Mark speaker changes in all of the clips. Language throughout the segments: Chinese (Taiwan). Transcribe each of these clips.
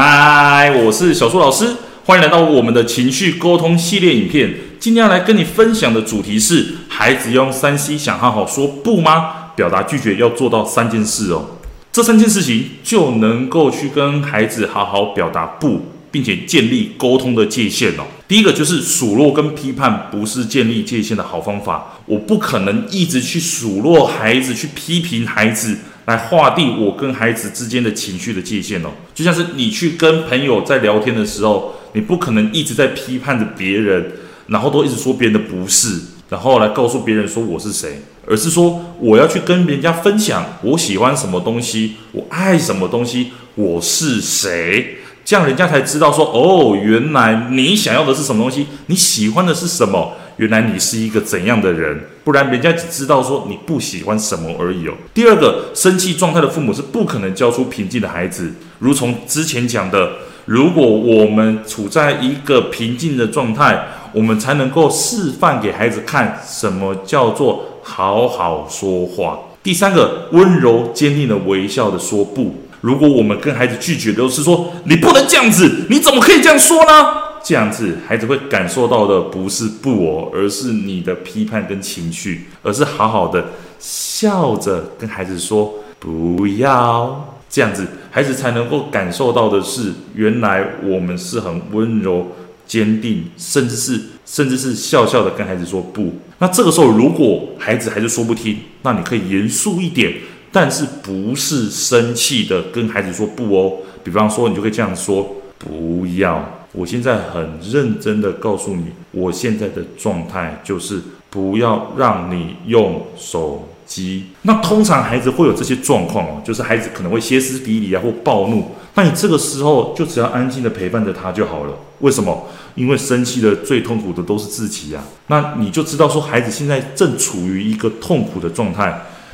Speaker 1: 嗨，我是小樹老師，歡迎來到我們的情緒溝通系列影片。今天要來跟你分享的主題是：孩子用三 C 想好好說不嗎？表達拒絕要做到三件事哦，這三件事情就能夠去跟孩子好好表達不，並且建立溝通的界限哦。第一個就是數落跟批判不是建立界限的好方法，我不可能一直去數落孩子，去批評孩子。來劃定我跟孩子之間的情緒的界限哦，就像是你去跟朋友在聊天的時候，你不可能一直在批判着別人，然後都一直說別人的不是，然後來告訴別人說我是誰，而是說我要去跟別人家分享我喜歡什麼東西，我愛什麼東西，我是誰，這樣人家才知道說哦，原來你想要的是什麼東西，你喜歡的是什麼。原來你是一個怎樣的人？不然人家只知道說你不喜歡什麼而已哦。第二個，生氣狀態的父母是不可能教出平靜的孩子。如從之前講的，如果我們處在一個平靜的狀態，我們才能夠示範給孩子看什麼叫做好好說話。第三個，溫柔堅定的微笑的說不。如果我們跟孩子拒絕都是說你不能這樣子，你怎麼可以這樣說呢？這樣子，孩子會感受到的不是不哦，而是你的批判跟情緒，而是好好的笑着跟孩子說不要。這樣子，孩子才能夠感受到的是，原來我們是很溫柔、堅定，甚至是甚至是笑笑的跟孩子說不。那這個時候，如果孩子還是說不聽，那你可以嚴肅一點，但是不是生氣的跟孩子說不哦。比方說，你就可以這樣說：不要。我現在很認真的告訴你，我現在的狀態就是不要讓你用手機。那通常孩子會有這些狀況哦，就是孩子可能會歇斯底里啊，或暴怒。那你這個時候就只要安靜的陪伴着他就好了。為什麼？因為生氣的最痛苦的都是自己啊。那你就知道說，孩子現在正處於一個痛苦的狀態。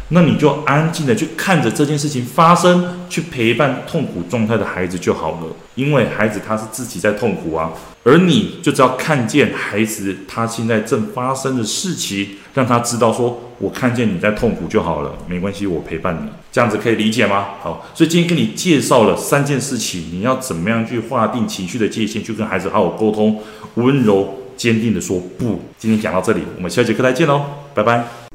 Speaker 1: 那你就安靜的去看着這件事情發生，去陪伴痛苦狀態的孩子就好了，因為孩子他是自己在痛苦啊，而你就只要看見孩子他現在正發生的事情，讓他知道說，我看見你在痛苦就好了，沒關係，我陪伴你，這樣子可以理解嗎？好，所以今天跟你介紹了三件事情，你要怎麼樣去劃定情緒的界限，去跟孩子好好溝通，溫柔堅定地說不。今天講到這裡，我們下節課再見嘍，拜拜。